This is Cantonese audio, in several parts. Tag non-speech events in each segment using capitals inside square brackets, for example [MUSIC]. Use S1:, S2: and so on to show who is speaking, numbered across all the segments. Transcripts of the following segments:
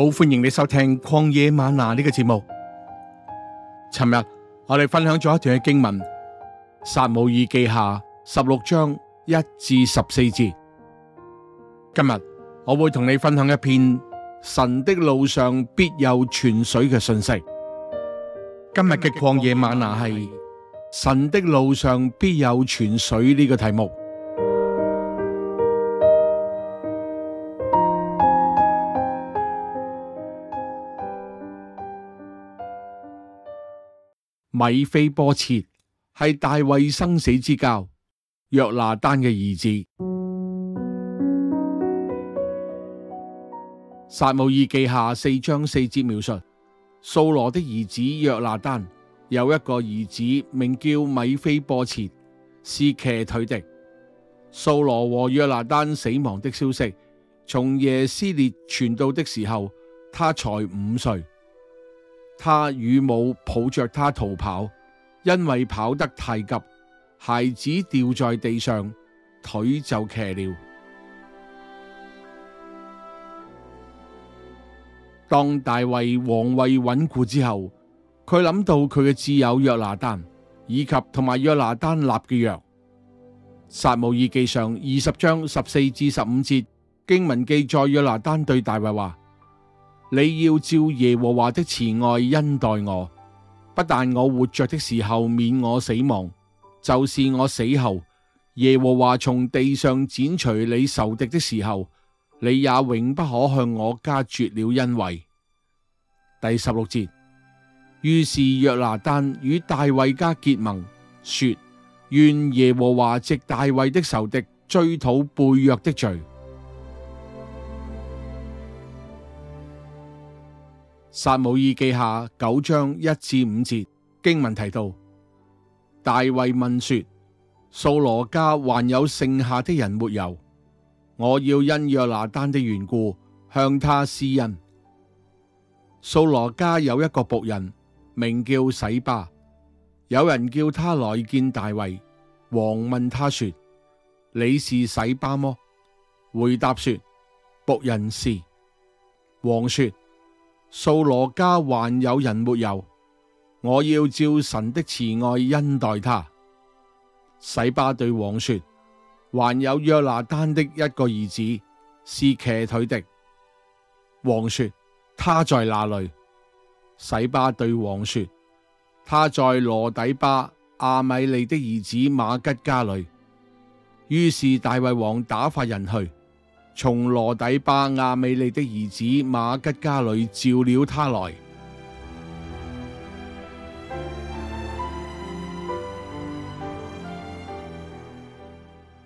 S1: 好歡迎你收聽曠野嗎哪呢個節目。尋日我哋分享咗一段嘅經文《撒母耳記下》十六章一至十四節。今日我會同你分享一篇神的路上必有泉水嘅信息。今日嘅曠野嗎哪係神的路上必有泉水呢個題目。米非波設係大衛生死之交約拿單嘅兒子。撒母耳記下四章四節描述，掃羅的兒子約拿單有一個兒子名叫米非波設，是瘸腿的。掃羅和約拿單死亡的消息從耶斯列傳到的時候，他才五歲。他與母抱着他逃跑，因為跑得太急，孩子掉在地上，腿就騎了。當大衛王位穩固之後，佢諗到佢嘅摯友約拿丹，以及同埋約拿丹立嘅約。撒母耳記上二十章十四至十五節經文記載約拿丹對大衛話。你要照耶和華的慈愛恩待我，不但我活着的時候免我死亡，就是我死後，耶和華從地上剪除你仇敵的時候，你也永不可向我家絕了恩惠。第十六節，於是約拿單與大衛家結盟，說，願耶和華藉大衛的仇敵追討背約的罪。撒母耳記下九章一至五節經文提到，大衛問說：掃羅家還有剩下的人沒有？我要因約拿單的緣故向他施恩。掃羅家有一個僕人名叫洗巴，有人叫他來見大衛，王問他說：你是洗巴麼？回答說：僕人是。王說。掃羅家還有人沒有？我要照神的慈愛恩待他。洗巴對王說：還有約拿單的一個兒子是瘸腿的。王說：他在哪裏？洗巴對王說：他在羅底巴阿米利的兒子馬吉家裏。於是大衛王打發人去。從羅底巴亞米利的兒子瑪吉家裏召了他來。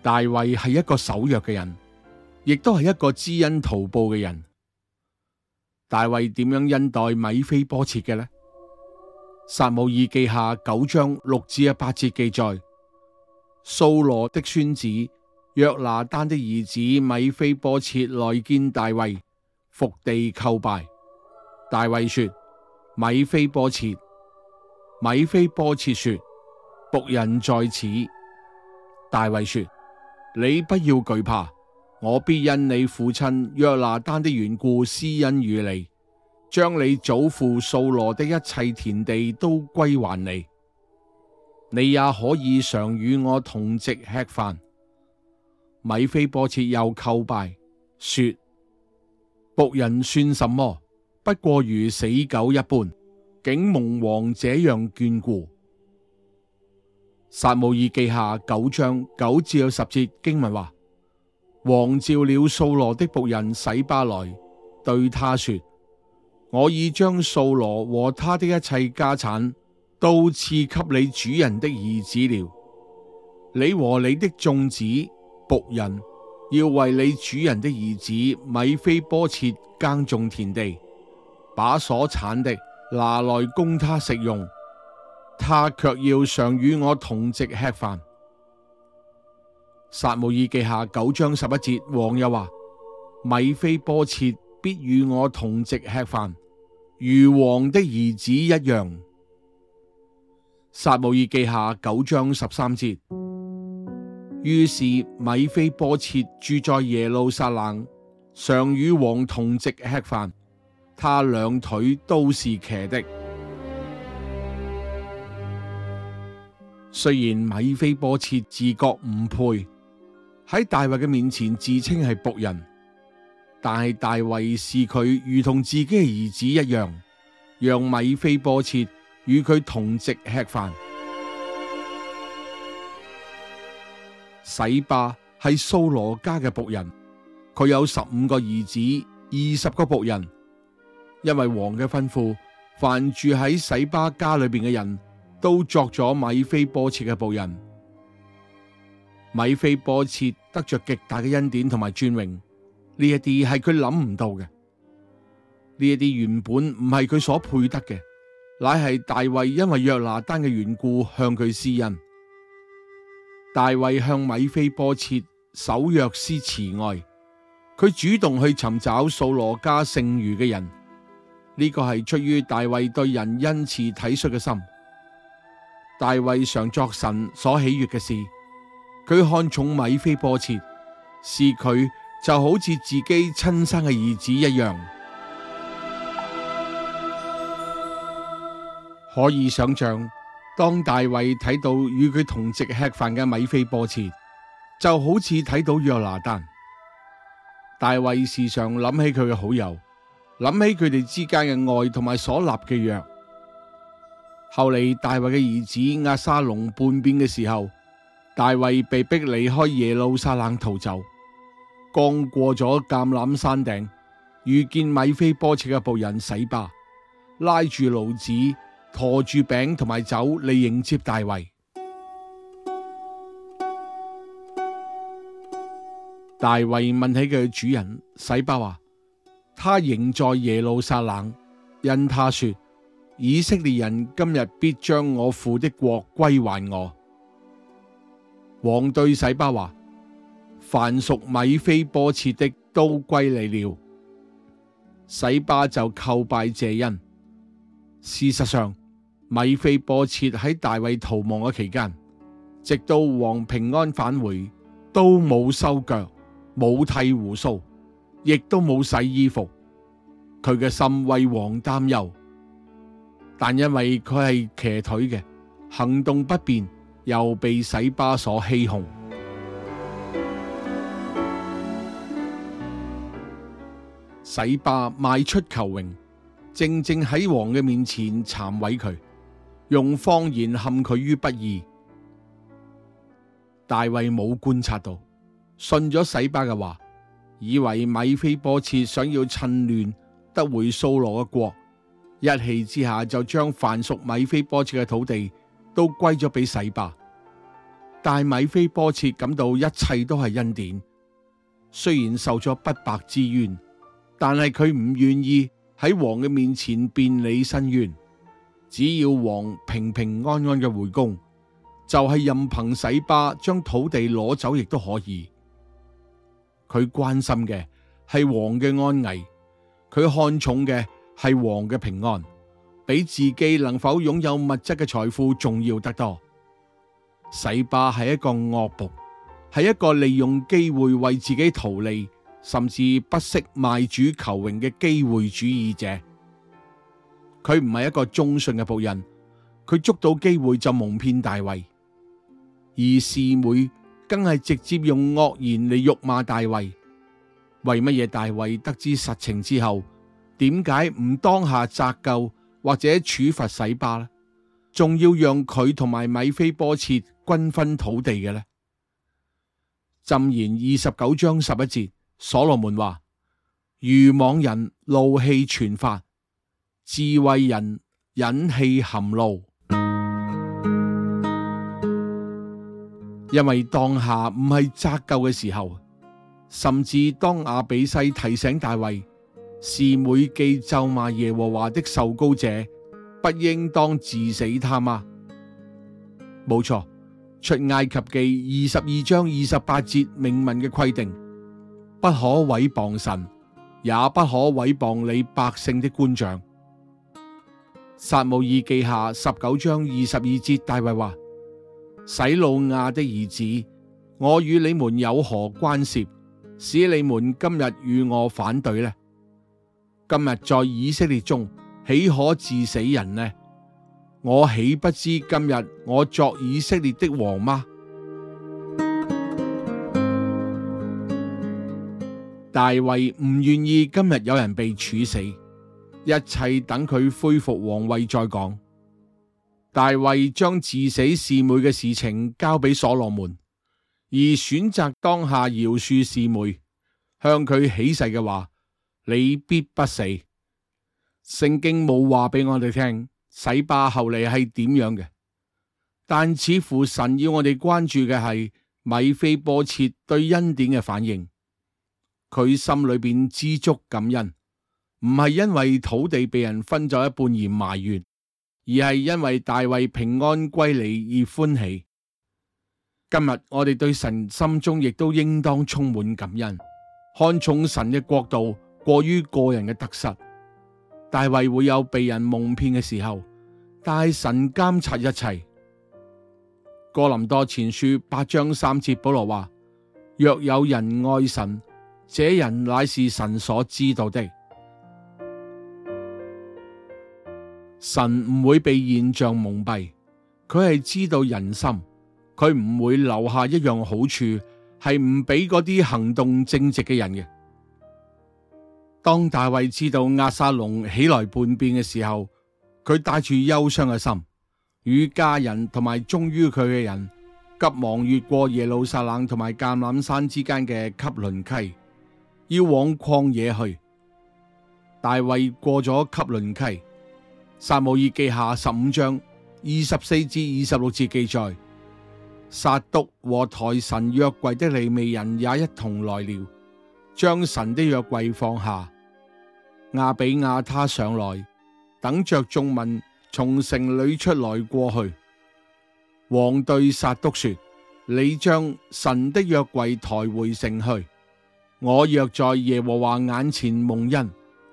S1: 大衛係一個守約嘅人，亦都係一個知恩圖報嘅人。大衛點樣恩待米菲波切嘅呢？撒母耳記下九章六至八節記載，掃羅的孫子。約拿單的兒子米非波設來見大衛，伏地叩拜。大衛說：米非波設，米非波設說：僕人在此。大衛說：你不要懼怕，我必因你父親約拿單的緣故施恩與你，將你祖父掃羅的一切田地都歸還你，你也可以常與我同席吃飯。米菲波切又叩拜說：“僕人算什麼？不過如死狗一般，竟蒙王這樣眷顧。”撒母耳記下九章九至十節經文話：王召了掃羅的僕人洗巴來，對他說：“我已將掃羅和他的一切家產都賜給你主人的兒子了。你和你的眾子。”僕人要為你主人的兒子米非波設耕種田地，把所產的拿來供他食用，他卻要常與我同席吃飯。撒母耳記下九章十一節，王又話：米非波設必與我同席吃飯，如王的兒子一樣。撒母耳記下九章十三節。於是米非波設住在耶路撒冷，常與王同席吃飯。他兩腿都是瘸的。雖然米非波設自覺唔配，喺大衛嘅面前自稱係僕人，但係大衛視佢如同自己嘅兒子一樣，讓米非波設與佢同席吃飯。洗巴係掃羅家嘅僕人，佢有十五個兒子，二十個僕人。因為王嘅吩咐，凡住喺洗巴家裏邊嘅人都作咗米非波設嘅僕人。米非波設得着極大嘅恩典同埋尊榮，呢一啲係佢諗唔到嘅，呢一啲原本唔係佢所配得嘅，乃係大衛因為約拿單嘅緣故向佢施恩。大衛向米非波設守約施慈愛，佢主動去尋找掃羅家剩餘嘅人，呢、這個係出於大衛對人恩慈體恤嘅心。大衛常作神所喜悦嘅事，佢看重米非波設，視佢就好似自己親生嘅兒子一樣。可以想象。當大衛睇到與佢同席吃飯嘅米非波設，就好似睇到約拿單。大衛時常諗起佢嘅好友，諗起佢哋之間嘅愛同埋所立嘅約。後嚟大衛嘅兒子押沙龍叛變嘅時候，大衛被逼離開耶路撒冷逃走，剛過咗橄欖山頂，遇見米非波設嘅僕人洗巴，拉住老子。馱住餅同埋酒嚟，迎接大衛。大衛問起佢主人洗巴話，他仍在耶路撒冷，因他說以色列人今日必將我父的國歸還我。王對洗巴話，凡屬米非波設的都歸你了。洗巴就叩拜謝恩。事實上，米非波設喺大衛逃亡嘅期間，直到王平安返回，都冇修腳，冇剃鬍鬚，亦都冇洗衣服。佢嘅心為王擔憂，但因為佢係瘸腿嘅，行動不便，又被洗巴所欺哄。洗巴賣主求榮，正正喺王嘅面前讒毀佢。用謊言陷佢於不義，大衛冇觀察到，信咗洗巴嘅話，以為米非波設想要趁亂得回掃羅嘅國，一氣之下就將凡屬米非波設嘅土地都歸咗俾洗巴。但米非波設感到一切都係恩典，雖然受咗不白之冤，但係佢唔願意喺王嘅面前辯理申冤。只要王平平安安嘅回宮，就係任憑洗巴將土地攞走亦都可以。佢關心嘅係王嘅安危，佢看重嘅係王嘅平安，比自己能否擁有物質嘅財富重要得多。洗巴係一個惡僕，係一個利用機會為自己圖利，甚至不惜賣主求榮嘅機會主義者。佢唔係一個忠信嘅僕人，佢捉到機會就蒙騙大衛，而示每更係直接用惡言嚟辱罵大衛。為乜嘢大衛得知實情之後，點解唔當下責救或者處罰洗巴啦？仲要讓佢同埋米非波設均分土地嘅呢？箴言二十九章十一節，所羅門話：愚妄人怒氣全發。智慧人忍氣含怒，因為當下唔係責究嘅時候。甚至當亞比篩提醒大衛，示每記咒罵耶和華的受膏者，不應當治死他嗎？冇錯，《出埃及記》二十二章二十八節明文嘅規定，不可毀謗神，也不可毀謗你百姓的官長。撒母耳記下十九章二十二節，大衛話：洗魯亞的兒子，我與你們有何關涉？使你們今日與我反對呢？今日在以色列中，豈可致死人呢？我豈不知今日我作以色列的王嗎？大衛唔願意今日有人被處死。一切等佢恢復皇位再講。大衛將治死示每嘅事情交俾所羅門，而選擇當下饒恕示每，向佢起誓嘅話，你必不死。聖經冇話俾我哋聽，洗巴後嚟係點樣嘅，但似乎神要我哋關注嘅係米非波設對恩典嘅反應，佢心裏邊知足感恩。唔係因為土地被人分咗一半而埋怨，而係因為大衛平安歸嚟而歡喜。今日我哋對神心中亦都應當充滿感恩，看重神嘅國度，過於個人嘅得失。大衛會有被人蒙騙嘅時候，大神監察一切。哥林多前書八章三節，保羅話：若有人愛神，這人乃是神所知道的。神唔會被現象蒙蔽，佢係知道人心，佢唔會留下一樣好處係唔俾嗰啲行動正直嘅人嘅。當大衛知道押沙龍起來叛變嘅時候，佢帶住憂傷嘅心，與家人同埋忠於佢嘅人，急忙越過耶路撒冷同埋橄欖山之間嘅汲淪溪，要往曠野去。大衛過咗汲淪溪。撒母耳記下十五章二十四至二十六節記載：撒督和抬神約櫃的利未人也一同來了，將神的約櫃放下。亞比亞他上來，等着眾民從城裏出來過去。王對撒督說：你將神的約櫃抬回城去。我若在耶和華眼前蒙恩，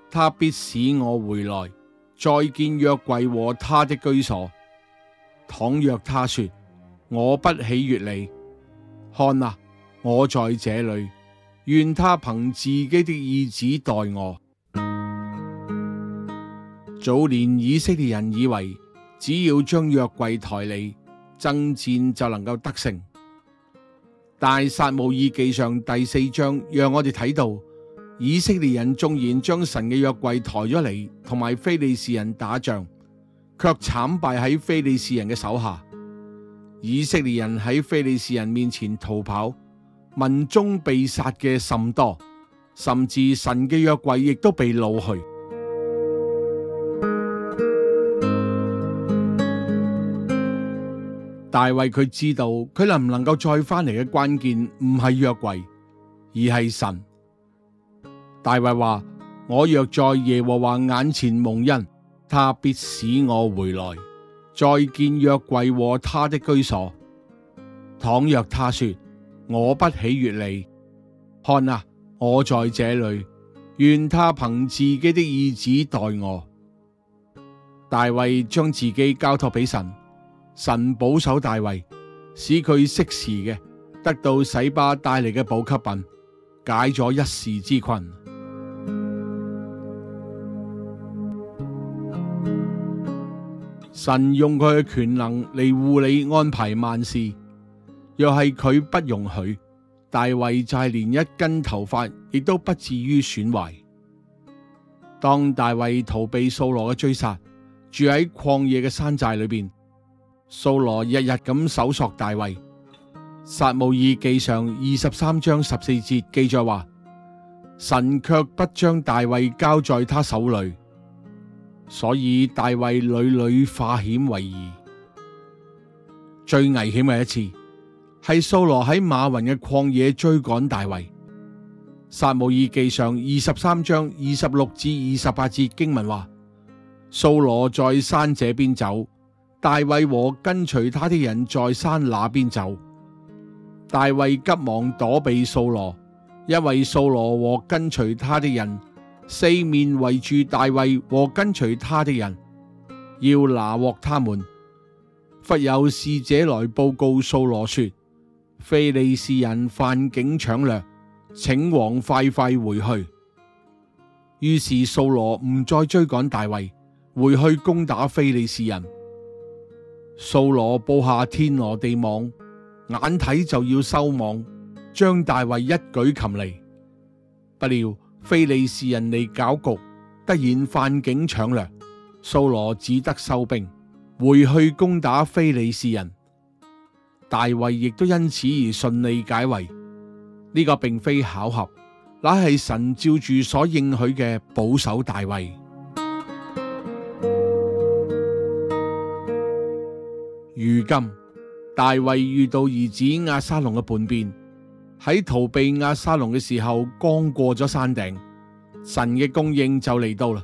S1: 他必使我回來。再見約櫃和他的居所。倘若他說我不喜悅你，看啊，我在這裏，願他憑自己的意旨待我。早年以色列人以為只要將約櫃抬嚟，爭戰就能夠得勝。大撒母耳記上第四章讓我哋睇到。以色列人縱然將神嘅約櫃抬咗嚟，同埋非利士人打仗，卻慘敗喺非利士人嘅手下。以色列人喺非利士人面前逃跑，民眾被殺嘅甚多，甚至神嘅約櫃亦都被擄去。大衛佢知道佢能唔能夠再翻嚟嘅關鍵唔係約櫃而係神。大衛話：我若在耶和華眼前蒙恩，他必使我回來，再見約櫃和他的居所。倘若他說我不喜悦你，看啊，我在這裏，願他憑自己的意志待我。大衛將自己交託俾神，神保守大衛，使佢適時嘅得到洗巴帶嚟嘅補給品，解咗一時之困。神用佢嘅權能嚟護理安排萬事，若係佢不容許，大衛就係連一根頭髮亦都不至於損壞。當大衛逃避掃羅嘅追殺，住喺曠野嘅山寨裏邊，掃羅日日咁搜索大衛。撒母耳記上二十三章十四節記載話：神卻不將大衛交在他手裏。所以大衛屢屢化險為夷。最危險嘅一次係掃羅喺馬雲嘅曠野追趕大衛。撒母耳記上二十三章二十六至二十八節經文話：掃羅在山這邊走，大衛和跟隨他的人在山那邊走。大衛急忙躲避掃羅，因為掃羅和跟隨他的人。四面圍住大衛和跟隨他的人，要拿獲他們。忽有使者來報告掃羅說：非利士人犯境搶掠，請王快快回去。於是掃羅唔再追趕大衛，回去攻打非利士人。掃羅布下天羅地網，眼睇，就要收網，將大衛一舉擒嚟，不料。非利士人嚟搞局，突然犯境搶掠，掃羅只得收兵回去攻打非利士人。大衛亦都因此而順利解圍。呢、這個並非巧合，乃係神照住所應許嘅保守大衛。如今大衛遇到兒子押沙龍嘅叛變。喺逃避押沙龍嘅時候，剛過咗山頂，神嘅供應就嚟到啦。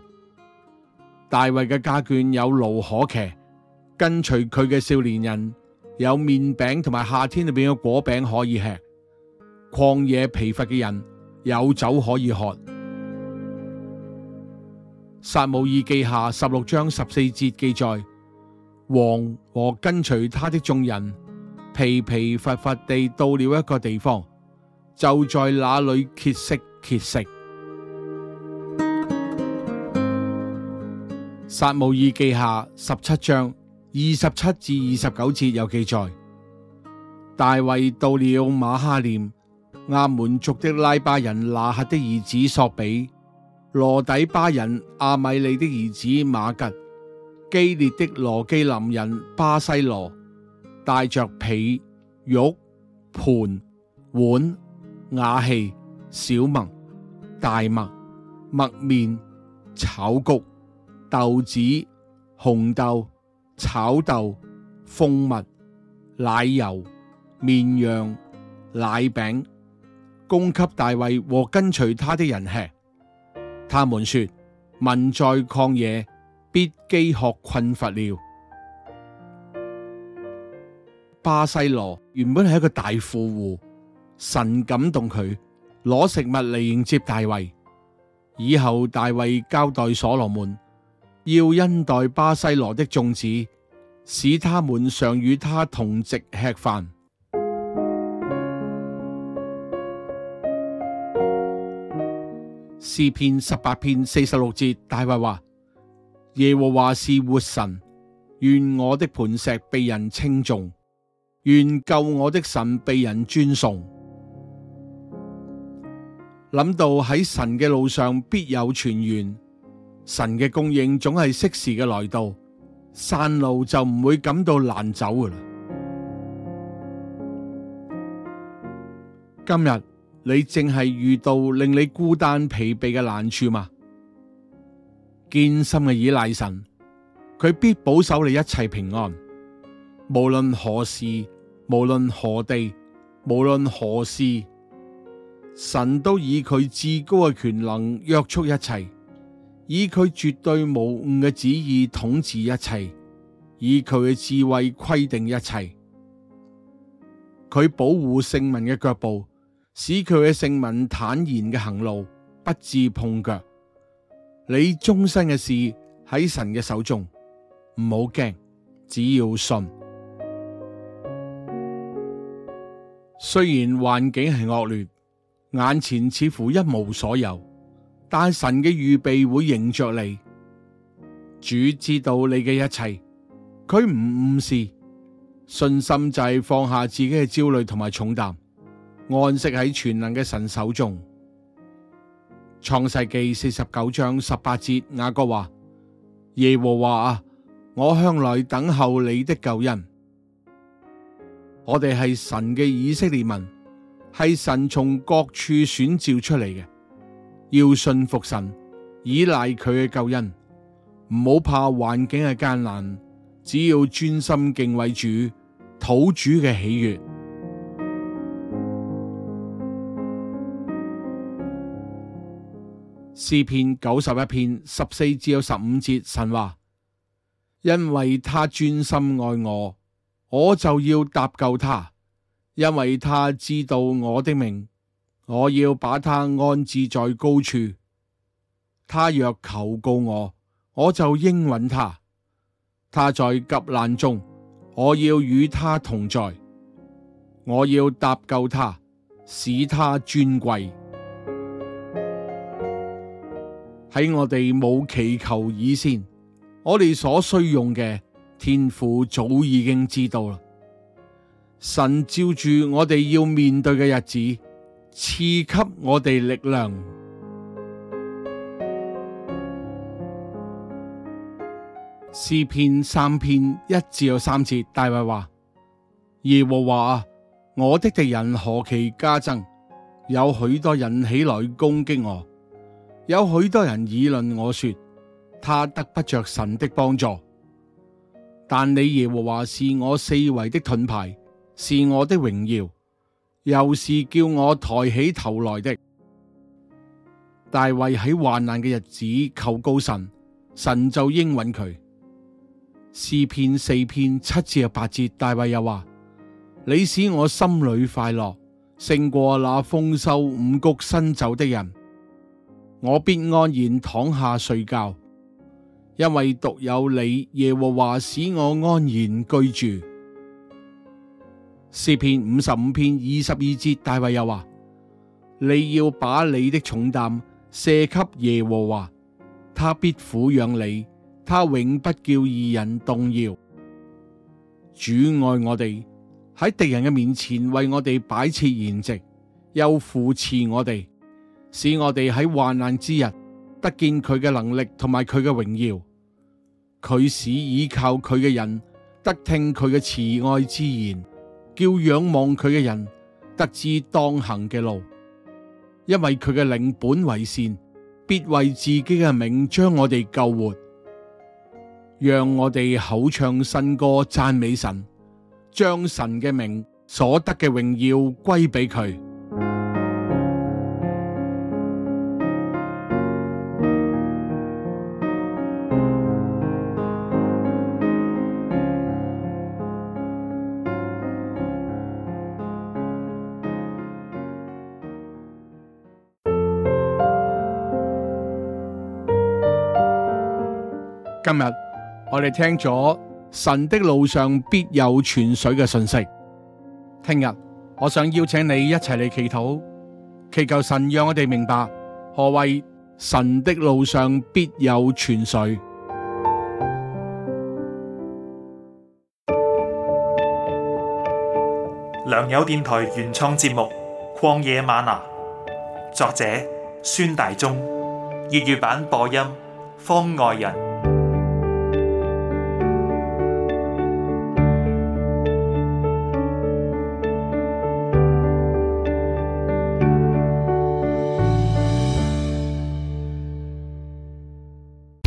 S1: 大衛嘅家眷有驢可騎，跟隨佢嘅少年人有麵餅同埋夏天裏邊嘅果餅可以吃。曠野疲乏嘅人有酒可以喝。撒母耳記下十六章十四節記載，王和跟隨他的眾人疲疲乏乏地到了一個地方，就在那裏歇息、歇食。撒母耳記下十七章二十七至二十九節有記載，大衛到了瑪哈念，亞滿族的拉巴人那克的兒子索比，羅底巴人阿米利的兒子馬吉，激烈的羅基林人巴西羅，帶着被玉、盤、碗。瓦器、小麥、大麥、麥麵、炒穀、豆子、紅豆、炒豆、蜂蜜、奶油、綿羊、奶餅、供給大衛和跟隨他的人吃。他們說：民在曠野必飢渴困乏了。巴西羅原本係一個大富戶。神感動佢攞食物嚟迎接大衛。以後大衛交代所羅門要恩待巴西羅的眾子，使他們常與他同席吃飯。 [MUSIC] 詩篇十八篇四十六節，大衛話： [MUSIC] 耶和華是活神，願我的磐石被人稱頌，願救我的神被人尊崇。諗到喺神嘅路上必有泉水，神嘅供應總係適時嘅來到，散路就唔會感到難走噶啦。今日你淨係遇到令你孤單疲憊嘅難處嘛？堅心嘅倚賴神，佢必保守你一切平安，無論何時，無論何地，無論何事。神都以佢至高嘅權能約束一切，以佢絕對無誤嘅旨意統治一切，以佢嘅智慧規定一切。佢保護聖民嘅腳步，使佢嘅聖民坦然嘅行路，不致碰腳。你終身嘅事喺神嘅手中，唔好驚，只要信。雖然環境係惡劣。眼前似乎一無所有，但神嘅預備會迎着你。主知道你嘅一切，佢唔誤事。信心就係放下自己嘅焦慮同埋重擔，安息喺全能嘅神手中。創世記四十九章十八節，雅各話：耶和華啊，我向來等候你的救恩。我哋係神嘅以色列民。係神從各處選召出嚟嘅。要信服神，倚賴佢嘅救恩，唔好怕環境嘅艱難，只要專心敬畏主，討主嘅喜悅。詩篇九十一篇十四至十五節，神話：因為祂專心愛我，我就要搭救他。因為他知道我的名，我要把他安置在高處。他若求告我，我就應允他。他在急難中，我要與他同在。我要搭救他，使他尊貴。喺我哋冇祈求以先，我哋所需用嘅天父早已經知道啦。神照住我哋要面對嘅日子，賜給我哋力量。詩篇三篇一至有三節，大衛話：耶和華啊，我的敵人何其加增，有許多人起來攻擊我，有許多人議論我說，他得不着神的幫助。但你耶和華是我四圍的盾牌。是我的榮耀，又是叫我抬起頭來的。大衛喺患難嘅日子求告神，神就應允佢。四篇四篇七至八節，大衛又話：你使我心裡快樂，勝過那豐收五谷新酒的人。我必安然躺下睡覺，因為獨有你耶和華使我安然居住。詩篇五十五篇二十二節，大衛又話：你要把你的重擔卸給耶和華，他必撫養你，他永不叫義人動搖。主愛我哋喺敵人嘅面前為我哋擺設筵席，又扶持我哋，使我哋喺患難之日得見佢嘅能力同埋佢嘅榮耀。佢使倚靠佢嘅人得聽佢嘅慈愛之言。叫仰望佢嘅人得知當行嘅路，因為佢嘅靈本為善，必為自己嘅名將我哋救活，讓我哋口唱新歌讚美神，將神嘅名所得嘅榮耀歸俾佢。今日我哋聽咗神的路上必有泉水嘅信息，聽日我想邀請你一齊嚟祈禱，祈求神讓我哋明白何謂神的路上必有泉水。良友電台原創節目《曠野嗎哪》，作者孫大中，粵語版播音方外人。